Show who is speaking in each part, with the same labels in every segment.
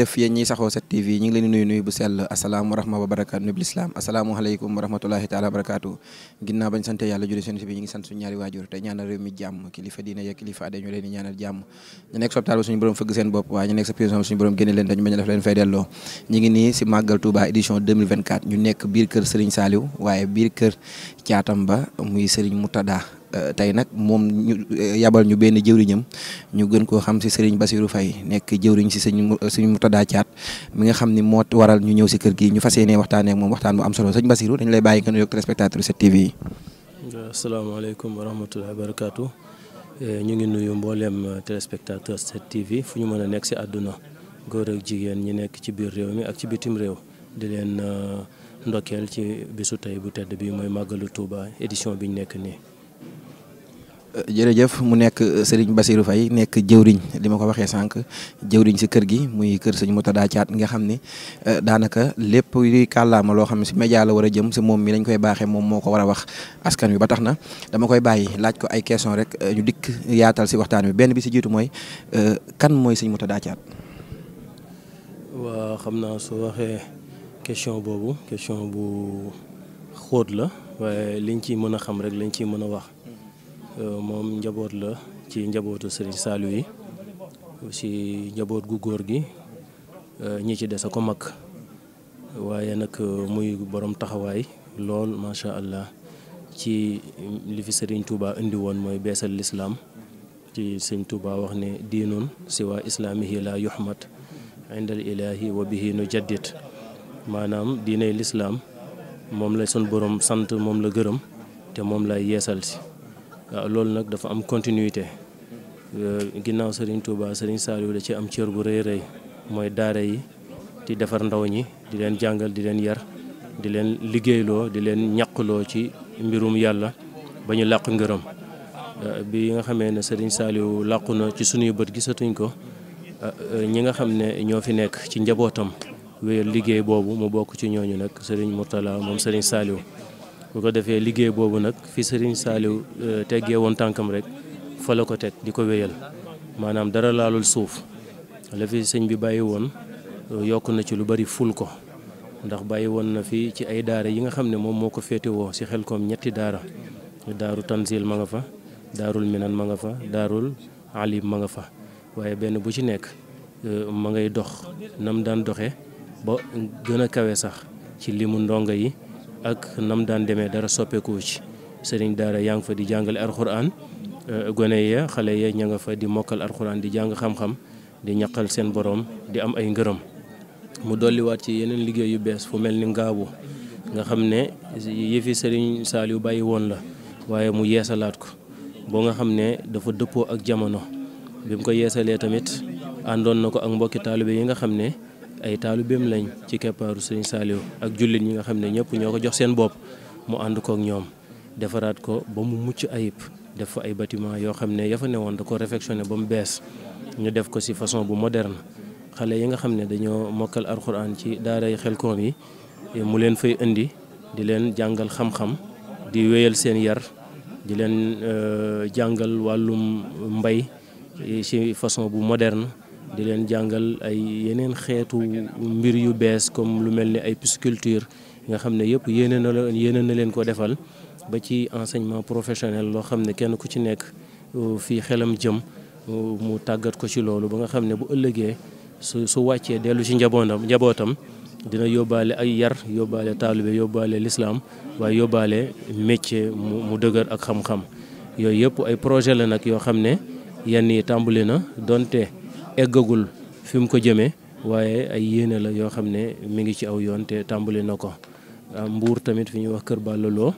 Speaker 1: jëf yéen ñiy saxoo 7TV ñu ngi leen di nuyu nuyu bu sell asalaamu rahma wa barakaatu nubbi lislaam asalaamualeykum wa sante yàlla jure seen si bi ñu ngi sant suñu ñaari waajur te ñaanal mi jàmm kilifa diine ya kilifa ade ñu leen di jàmm ñu nekk a biir kër Serigne Saliou waaye biir kër caatam ba muy Serigne Moutada Euh, tey nag moom ñu euh, yabal ñu benn jëwriñam ñu gën koo xam si Serigne Bassirou fay nekk jëwriñ si sëñ suñu Murtada Thiat mi nga xam ni moo waral ñu ñëw si kër gi ñu fas ne waxtaanee moom waxtaan bu am solo sëñ Bassirou dañu lay bàyyi nga nuyoog téléspectateur 7TV yi.
Speaker 2: asalaamaaleykum wa rahmatullahi wa barakaatu eh, ñu ngi nuyu mbooleem euh, téléspectateur 7TV fu ñu mën a nekk si àdduna góor ak jigéen ñi nekk ci biir réew mi ak ci bitim réew di leen ndokkeel ci bisu tey bu tedd bi mooy màggalu Touba édition bi ñu nekk nii.
Speaker 1: Euh, jërëjëf mu nekk euh, Serigne Bassirou Faye nekk jëwriñ li ma ko waxee sànq jëwriñ si kër gi muy kër sëñ Moutada Thiat nga xam ni euh, daanaka lépp luy kàllaama loo xam ne si média la war a jëm si moom mi lañ koy baaxee moom moo ko war a wax askan wi ba tax na dama koy bàyyi laaj ko ay question rek ñu dikk yaatal si waxtaan wi benn bi si jiitu mooy kan mooy sëñ moto Thiat.
Speaker 2: waa xam naa su waxee question boobu question bu xóot la waaye liñ ci mën a xam rek lañ ciy mën a wax. Euh, moom njaboot la ci njabootu Serigne Saliou yi aussi njaboot gu góor gi euh, ñi ci des a ko mag waaye nag euh, muy borom taxawaay lool macha allah ci li fi Serigne Touba indi woon mooy beesal lislaam ci Sëñ Touba wax ne diinun si waa islaamihi la yuhmat indal ilaahi wa bihi nu jaddit maanaam diiney lislaam moom la sun borom sant moom la gërëm te moom lay yeesal si waaw loolu nag dafa am continuité euh, ginnaaw Serigne Touba Serigne Saliou da ci am cër bu rëy rëy mooy daara yi di defar ndaw ñi di leen jàngal di leen yar di leen liggéeyloo di leen ñaqloo ci mbirum yàlla ba ñu làq ngërëm euh, bi nga xamee ne Serigne Saliou làqu na ci sunuy bët gisatuñ ko euh, ñi nga xam ne ñoo fi nekk ci njabootam wéyal liggéey boobu mu bokk ci ñooñu nag Serigne Mourtala moom Serigne Saliou ku ko defee liggéey boobu nag fi Serigne Saliou euh, teggee woon tànkam rek fa la ko teg di ko wéyal maanaam dara laalul suuf la sëñ bi bàyyi woon euh, yokk na ci lu bari ful ko ndax bàyyi woon na fi ci ay daara yi nga xam ne moom moo ko féetewoo si xel koom ñetti daara daaru Tanzil ma nga fa daarul Minan ma nga fa daarul Alim ma nga fa waaye benn bu ci nekk euh, ma ngay dox nam daan doxe ba gën a kawe sax ci limu ndongo yi. ak nam daan demee dara soppeeku ci sëriñ daara yaa ngi fa di jàngale alxuraan eh, gone ya xale ya ña nga fa di mokkal alxuraan di jàng xam-xam di ñaqal seen boroom di am ay ngërëm mu dolliwaat ci yeneen liggéey yu bees fu mel ni ngaabu nga xam ne yëfi sëriñ yu bàyyi woon la waaye mu yeesalaat ko boo nga xam ne dafa dëppoo ak jamono bi mu ko yeesalee tamit àndoon na ko ak mbokki taalibe yi nga xam ne ay taalubéem lañ ci keppaaru sëriñ Saliou ak jullit ñi nga xam ne ñëpp ñoo ko jox seen bopp mu ànd ko ak ñoom defaraat ko ba mu mucc ayib def fa ay bâtiment yoo xam ne ya ne woon da ko réfectionné ba mu bees ñu def ko ci façon bu moderne xale yi nga xam ne dañoo mokkal alxuraan ci xel xelkoom yi mu leen fay indi di leen jàngal xam-xam di wéyal seen yar di leen euh, jàngal wàllum mbay ci façon bu moderne di leen jàngal ay yeneen xeetu mbir yu bees comme lu mel ni ay pisciculture nga xam ne yëpp yéene la yéene leen ko defal ba ci enseignement professionnel loo xam ne kenn ku ci nekk euh, fii xelam jëm euh, mu tàggat ko ci loolu ba nga xam ne bu ëllëgee su su wàccee dellu ci njabootam njabootam dina yóbbaale ay yar yóbbaale taalibe yóbbaale lislaam waaye yóbbaale métier mu mu dëgër ak xam-xam yooyu yëpp ay projet la nag yoo xam ne yenn yi tàmbali na donte. eggagul fi mu ko jëmee waaye ay yéene la yoo xam ne mi ngi ci aw yoon te tàmbali na ko ah, mbuur tamit fi ñuy wax Kër loo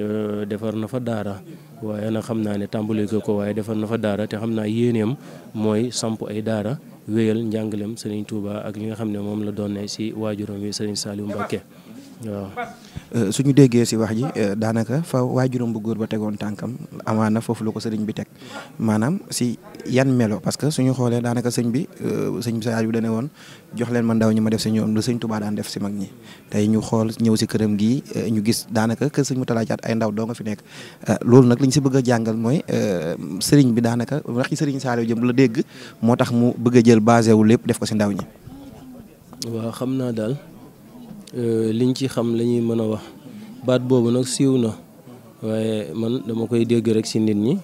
Speaker 2: euh, defar na fa daara waaye nag xam naa ne tàmbali ko waaye defar na fa daara te xam naa yéeneem mooy samp ay daara wéyal njàngalem Serigne Touba ak li nga xam ne moom la doon ne si waajuram wi Serigne Saliou Mbacké waaw
Speaker 1: euh, ñu déggee si wax ji euh, daanaka fa waajuram bu góor ba tegoon tànkam amaana foofu la ko sëriñ bi teg maanaam si yan melo parce que suñu xoolee daanaka sëñ bi euh, sëñ bi sa bi dane woon jox leen ma ndaw ñi ma def si ñoom lu sëñ Tuubaa daan def si mag ñi tey ñu xool ñëw si këram gii ñu gis daanaka kër sëñ mu talaajaat ay ndaw doo nga fi nekk loolu nag li ñu si bëgg a jàngal mooy sëriñ bi daanaka wax ci sëriñ Saliou jëm la dégg moo tax mu bëgg jël basé wu lépp def ko si ndaw ñi
Speaker 2: Euh, liñ ci xam lañuy mën a wax baat boobu nag siiw na waaye man dama koy dégg rek ci nit ñi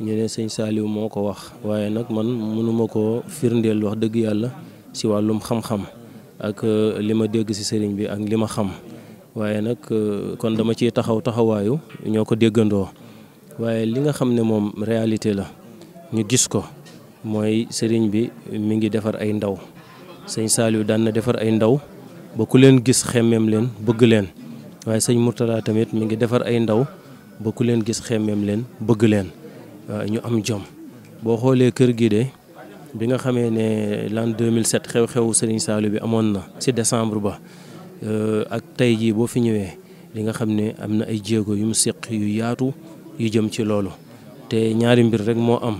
Speaker 2: ñu ne sëñ saaliw moo ko wax waaye nag man mënuma koo firndeel wax dëgg yàlla ci wàllum xam-xam ak euh, li ma dégg ci sëriñ bi ak li ma xam waaye nag euh, kon dama ci taxaw taxawaayu ñoo ko déggandoo waaye li nga xam ne moom réalité la ñu gis ko mooy sëriñ bi mi ngi defar ay ndaw sëñ Saliou daan na defar ay ndaw ba ku leen gis xemmeem leen bëgg leen waaye sëñ Mourtada tamit mu ngi defar ay ndaw ba ku leen gis xemmeem leen bëgg leen ñu am jom boo xoolee kër gi de bi nga xamee ne l'an 2007 xew-xewu Serigne Saliou bi amoon na ci décembre ba euh, ak tey jii boo fi ñëwee li nga xam ne am na ay jéego yu mu seq yu yaatu yu jëm ci loolu te ñaari mbir rek moo am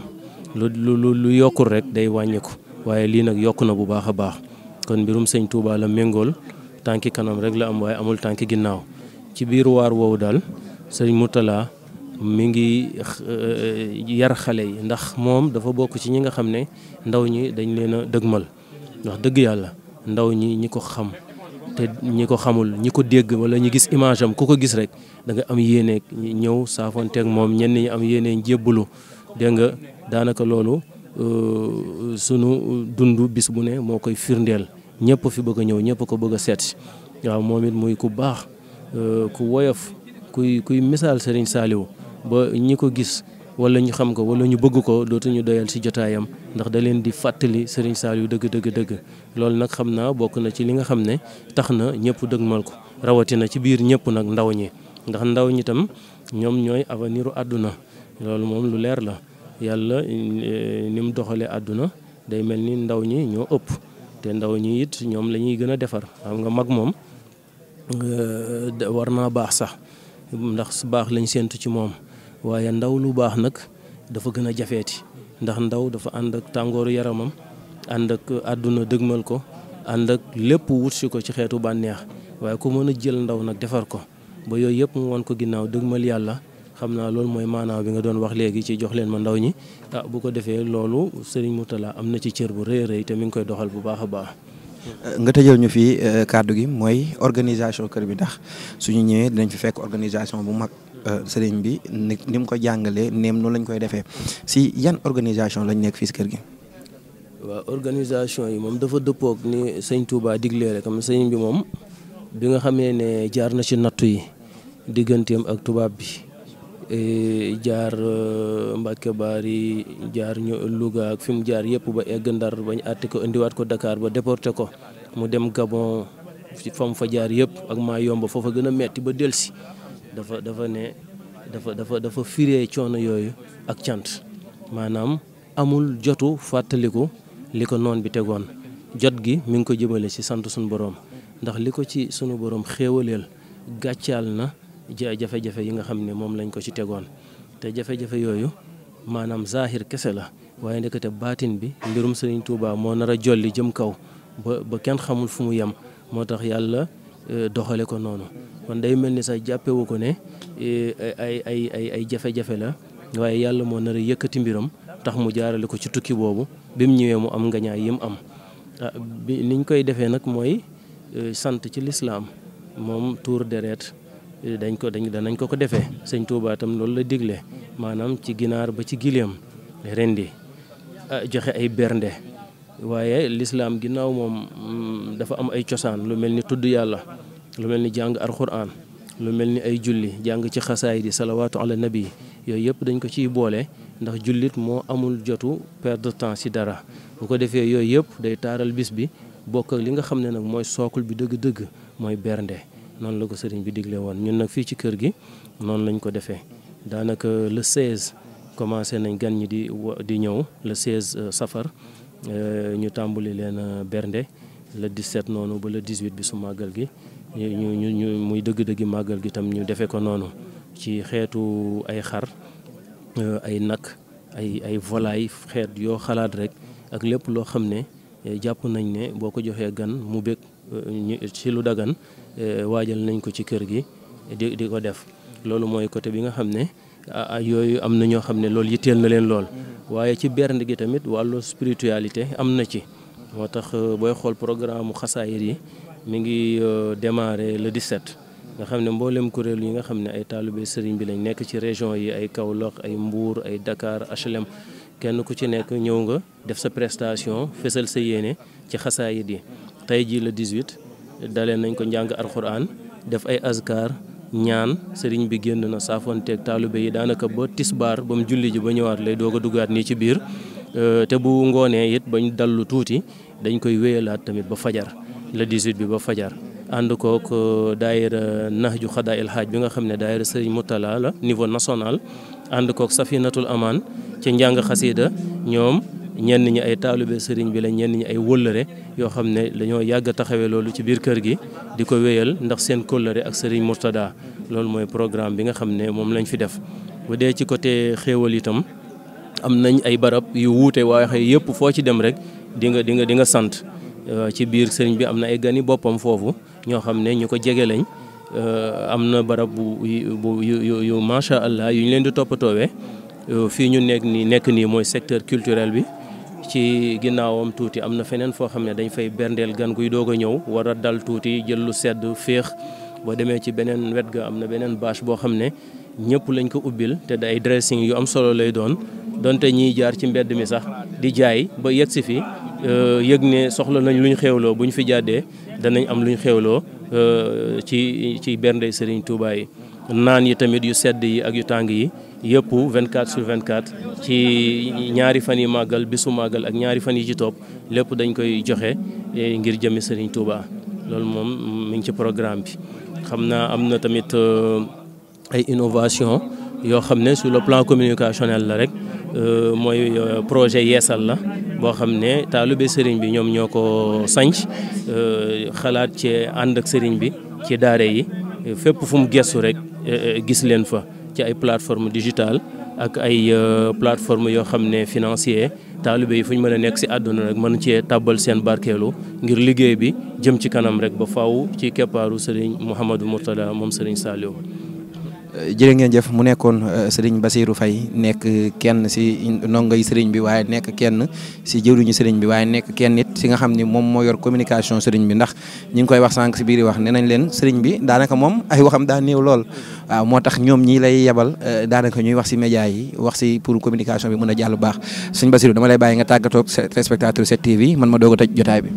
Speaker 2: lu lu lu yokkul rek day wàññiku waaye lii nag yokk na bu baax a baax kon mbirum sëñ Touba la méngool tànki kanam rek la am waaye amul tànki ginnaaw ci biir waar woowu daal sëñ Moutala mu ngi eh, yar xale yi ndax moom dafa bokk ci ñi nga xam ne ndaw ñi dañ leen a dëgmal ndax dëgg yàlla ndaw ñi ñi ko xam te ñi ko xamul ñi ko dégg wala ñu gis image am ku ko gis rek da nga am yéene ñëw saafonteeg moom ñenn ñi am yéene jébbalu dégg nga daanaka loolu Euh, sunu dund bis bu ne moo koy firndeel ñëpp fi bëgg a ñëw ñëpp ko bëgg a seet si waaw moom it muy ku baax euh, ku woyof kuy kuy misaal Serigne Saliou ba ñi ko gis walla ñu xam ko wala ñu bëgg ko dootuñu doyal si jotaayam ndax da leen di fàttali Serigne Saliou dëgg dëgg dëgg loolu nag xam naa bokk na ci li nga xam ne tax na ñëpp mal ko rawatina ci biir ñëpp nag ndaw ñi ndax ndaw ñi tam ñoom ñooy avenir àdduna loolu moom lu leer la. yàlla eh, ni mu doxalee àdduna day mel ni ndaw ñi ñoo ëpp te ndaw ñi it ñoom la ñuy gën a defar xam nga mag moom eh, war naa baax sax ndax baax lañ séentu ci moom waaye ndaw lu baax nag dafa gën a jafeeti ndax ndaw dafa ànd ak tàngooru yaramam ànd ak àdduna dëgmal ko ànd ak lépp wut si ko ci xeetu bànneex waaye ku mën a jël ndaw nag defar ko ba yooyu yëpp mu won ko ginnaaw dëgmal yàlla xam naa loolu mooy maanaam bi nga doon wax léegi ci jox leen ma ndaw ñi ah bu ko defee loolu Serigne Moutala am na ci cër bu rëy rëy te mi ngi koy doxal bu baax a baax.
Speaker 1: nga tëjal ñu fi euh, kàddu gi mooy organisation kër bi ndax suñu ñëwee dinañ fi fekk organisation bu mag euh, sëriñ bi ni ni ko jàngalee neem noonu lañ koy defee si yan organisation lañ nekk fii si kër gi.
Speaker 2: waaw organisation yi moom dafa dëppook ni sëñ tuubaa diglee rek am bi moom bi nga xamee ne jaar na ci nattu yi digganteem ak tubaab bi. E, jaar e, Mbacke Bari jaar ñu Louga ak fi mu jaar yëpp ba egg Ndar bañ àtte ko indiwaat ko dakaar ba déporté ko mu dem Gabon fa mu fa jaar yëpp ak maa yomb foofa gën a metti ba delsi dafa dafa ne dafa dafa dafa firee coono yooyu ak cant maanaam amul jotu fàttaliku li ko noon bi tegoon jot gi mu ngi ko jëmale ci sant suñu boroom ndax li ko ci sunu boroom xéewaleel gàccaal na ci ay jafe-jafe yi nga xam ne moom lañ ko ci tegoon te jafe-jafe yooyu maanaam zahir kese la waaye ndekete baatin bi mbirum Sëriñ Tuubaa moo nar a jolli jëm kaw ba ba kenn xamul fu mu yem moo tax yàlla e, doxale ko noonu kon day mel ni sax jàppewu ko ne e, ay ay ay ay jafe-jafe la waaye yàlla moo nar yëkkati mbiram tax mu jaarale ko ci tukki boobu bi mu ñëwee mu am nga ñaay yi mu am ah, bi niñ koy defee nag mooy e, sant ci lislaam moom tuur deret dañ ko dañ danañ ko ko defee sëñ Touba loolu la digle maanaam ci ginaar ba ci gileem rendi ah, joxe ay bernde waaye lislaam ginnaaw moom mm, dafa am ay cosaan lu mel ni tudd yàlla lu mel ni jàng alxuraan lu mel ni ay julli jàng ci xasaay di salawaatu ala nabi yooyu yëpp dañ ko ciy boole ndax jullit moo amul jotu perdre temps ci dara bu ko defee yooyu yëpp day taaral bis bi bokk li nga xam ne nag mooy sookul bi dëgg-dëgg mooy bernde noonu la ko sëriñ bi digle woon ñun nag fii ci kër gi noonu lañ ko defee daanaka le 16 commencé nañ gan ñi di di ñëw le 16 euh, safar euh, ñu tàmbali leen euh, bernde la le 17 noonu ba le 18 bi su màggal gi ñu ñu ñu muy dëgg-dëggi màggal gi tam ñu defee ko noonu ci xeetu ay xar ay nag ay ay volaille xeet yoo xalaat rek ak lépp loo xam ne eh, jàpp nañ ne boo ko joxee gan mu bég ci lu dagan Eh, waajal nañ ko ci kër gi di di ko def loolu mooy côté bi nga xam ne yooyu am na ñoo xam ne loolu yitteel na leen lool waaye ci bernde gi tamit wàllu spiritualité am na ci moo tax euh, booy xool programme mu xasaayir yi mi ngi euh, démarrer le 17 nga xam ne mboolem kuréel yi nga xam ne ay taalibe sëriñ bi lañ nekk ci région yi ay Kaolack ay mbuur ay dakaar HLM kenn ku ci nekk ñëw nga def sa prestation fësal sa yéene ci xasaayit yi tey jii le 18 dalee nañ ko njàng alxuraan def ay azkar ñaan sëriñ bi génn na saafonteeg taalibe yi daanaka ba tis baar mu julli ji ba ñëwaat lay doog a duggaat nii ci biir euh, te bu ngoonee it bañ dallu tuuti dañ koy wéyalaat tamit ba fajar le 18 bi ba fajar ànd kook euh, daayira Nahju Xadaa il Haaj bi nga xam ne daayira sëriñ Mutala la niveau national ànd kook Safinatul Amaan ci njàng xasiida ñoom ñenn ñi ay taalibe sëriñ bi la ñenn ñi ay wëllëre yoo xam ne dañoo yàgg a taxawee loolu ci biir kër gi di ko wéyal ndax seen kóllëre ak sëriñ Mourtada loolu mooy programme bi nga xam ne moom lañ fi def bu dee ci côté xéewal itam am nañ ay barab yu wuute waaye xëy yëpp foo ci dem rek di nga di nga di nga sant euh, ci biir sëriñ bi am na ay gani boppam foofu ñoo xam ne ñu ko jege lañ euh, am na barab bu bu macha allah yu ñu leen di toppatoowee euh, fii ñu nekk nii nekk nii mooy secteur culturel bi. ci ginnaawam tuuti am na feneen foo xam ne dañ fay berndeel gan guy doog a ñëw war a dal tuuti jël lu sedd féex boo demee ci beneen wet ga am na beneen bâche boo xam ne ñëpp lañ ko ubbil te day dressing yu am solo lay doon donte ñiy jaar ci mbedd mi sax di jaay ba yegg si fi euh, yëg ne soxla nañ luñ bu ñu fi jàddee danañ am luñ xéewloo euh, ci ci bernde Serigne Touba yi naan yi tamit yu sedd yi ak yu tàng yi yëpp 24 sur 24 ci ñaari fan yi màggal bisu màggal ak ñaari fan yi ci topp lépp dañ koy joxe eh, ngir jëmi Serigne Touba loolu moom mu ngi ci programme bi. xam naa am na tamit euh, ay innovation yoo xam ne sur le plan communicationnel la rek euh, mooy euh, projet yeesal la boo xam ne taalube seriñ bi ñoom ñoo ko sanc xalaat ci ànd ak Serigne bi ci daare yi fépp fu mu rek eh, eh, gis leen fa. ci ay plateforme digitale ak ay euh, plateforme yoo xam ne financier taalibe yi fu ñu mën a nekk si àdduna rek mën cee tàbbal seen barkeelu ngir liggéey bi jëm ci kanam rek ba faw ci keppaaru sëriñ Mouhamadou Mourtada moom sëriñ Saliou
Speaker 1: Eh, jërë ngeen mu nekkoon eh, sëriñ Basirou Faye nekk kenn si yi sëriñ bi waaye nekk kenn si jëwriñu sëriñ bi waaye nekk kenn it si nga xam ni moom moo yor communication sëriñ bi ndax ñi ngi koy wax sànq si biir wax nee nañ leen sëriñ bi daanaka moom ay waxam daa néew lool waaw moo tax ñoom ñii lay yebal eh, daanaka ñuy wax si média yi wax si pour communication bi mën a jàll baax sëriñ Basirou dama lay bàyyi nga tàggatoog téléspectateur 7TV man ma doog a tëj jotaay bi.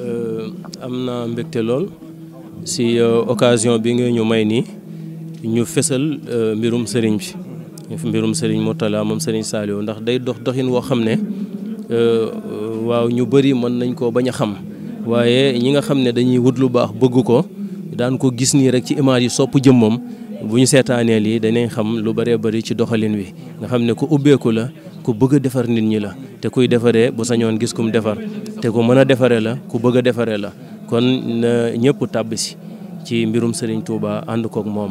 Speaker 2: Euh, am na mbégte lool si euh, occasion bi nga ñu may nii. ñu fësal euh, mbirum sëriñ bi mbirum sëriñ Mourtala moom sëriñ Saliou ndax day dox doxin woo xam ne euh, waaw ñu bëri mën nañ koo bañ a xam waaye ñi nga xam ne dañuy wut lu baax bëgg ko daan ko gis nii rek ci image yi sopp jëmmam bu ñu seetaanee lii danañ xam lu bëree bari ci doxalin wi nga xam ne ku ubbeeku la ku bëgg a defar nit ñi la te kuy defaree bu sañoon gis kum defar te ku mën a defaree la ku bëgg defaree la kon ñëpp tàbb si ci mbirum sëriñ Touba ànd moom.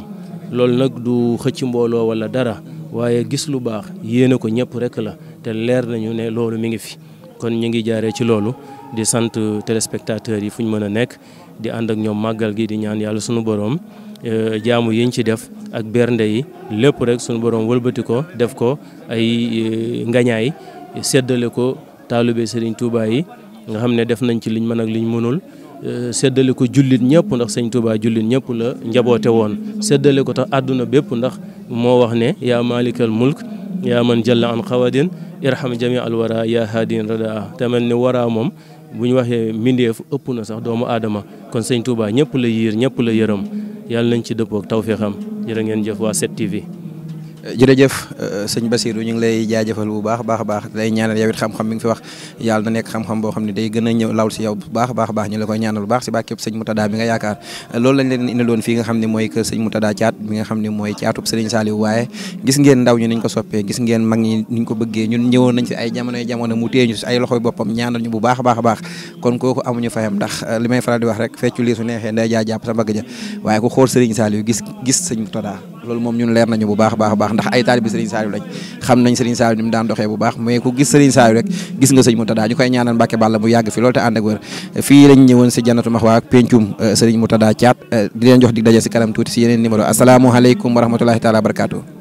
Speaker 2: loolu nag du xëcc mbooloo wala dara waaye gis lu baax yéene ko ñëpp rek la te leer nañu ne loolu mi ngi fi kon ñu ngi jaaree ci loolu di sant téléspectateurs yi fu ñu mën a nekk di ànd ak ñoom màggal gi di ñaan yàlla sunu borom e, jaamu yiñ ci def ak bernde yi lépp rek sunu borom wëlbati ko def ko ay e, ngañaay séddale ko taalube Serigne Touba yi nga xam ne def nañ ci liñ mën ak liñ mënul. Euh, séddale ko jullit ñëpp ndax sëñ Touba jullit ñëpp la njaboote woon séddale ko tax àdduna bépp ndax moo wax ne yaa malikal mulk yaa man jalla an xawadin irham jami al wara yaa haadin radaa te ni wara moom bu ñu waxee mbindeef ëpp na sax doomu aadama kon sëñ Touba ñëpp la yiir ñëpp la yërëm yàlla nañ ci dëppook tawféexam jërë ngeen jëf waa 7TV
Speaker 1: jërëjëf euh, sëñ Basirou ñu ngi lay jaajëfal bu baax baax baax lay ñaanal yow it xam-xam bi nga fi wax yàlla na nekk xam-xam boo xam ne day gën a ñëw law si yow bu baax baax baax ñu la koy ñaanal bu baax si bàkkeeb sëñ Moutada bi nga yaakaar loolu lañ leen indiloon fii nga xam ne mooy que sëñ Moutada Thiat bi nga xam ne mooy caatub sëriñ Saliou waaye gis ngeen ndaw ñu niñ ko soppee gis ngeen mag ñi ko bëggee ñun ñëwoon nañ fi amuñu fayam ndax euh, li may faral di wax rek feccu lii su neexee nday jaa jàpp sa mbagg ja waaye ku xool sëriñ Saliou gis gis sëñ Moutada loolu moom ñun leer nañu bu baax baax baax ndax ay taalibi Serigne Saliou lañ xam nañ Serigne Saliou ni daan doxee bu baax mais ku gis Serigne Saliou rek gis nga sëñ Moutada ñu koy ñaanal Mbàkke Balla mu yàgg fi loolu te ànd ak wër fii lañ ñëwoon si Jannatu Mahwa ak pencum euh, Serigne Moutada Thiat euh, di leen jox dig daje si kanam tuuti si yeneen numéro asalaamaaleykum wa rahmatulahi taala wa barakatuh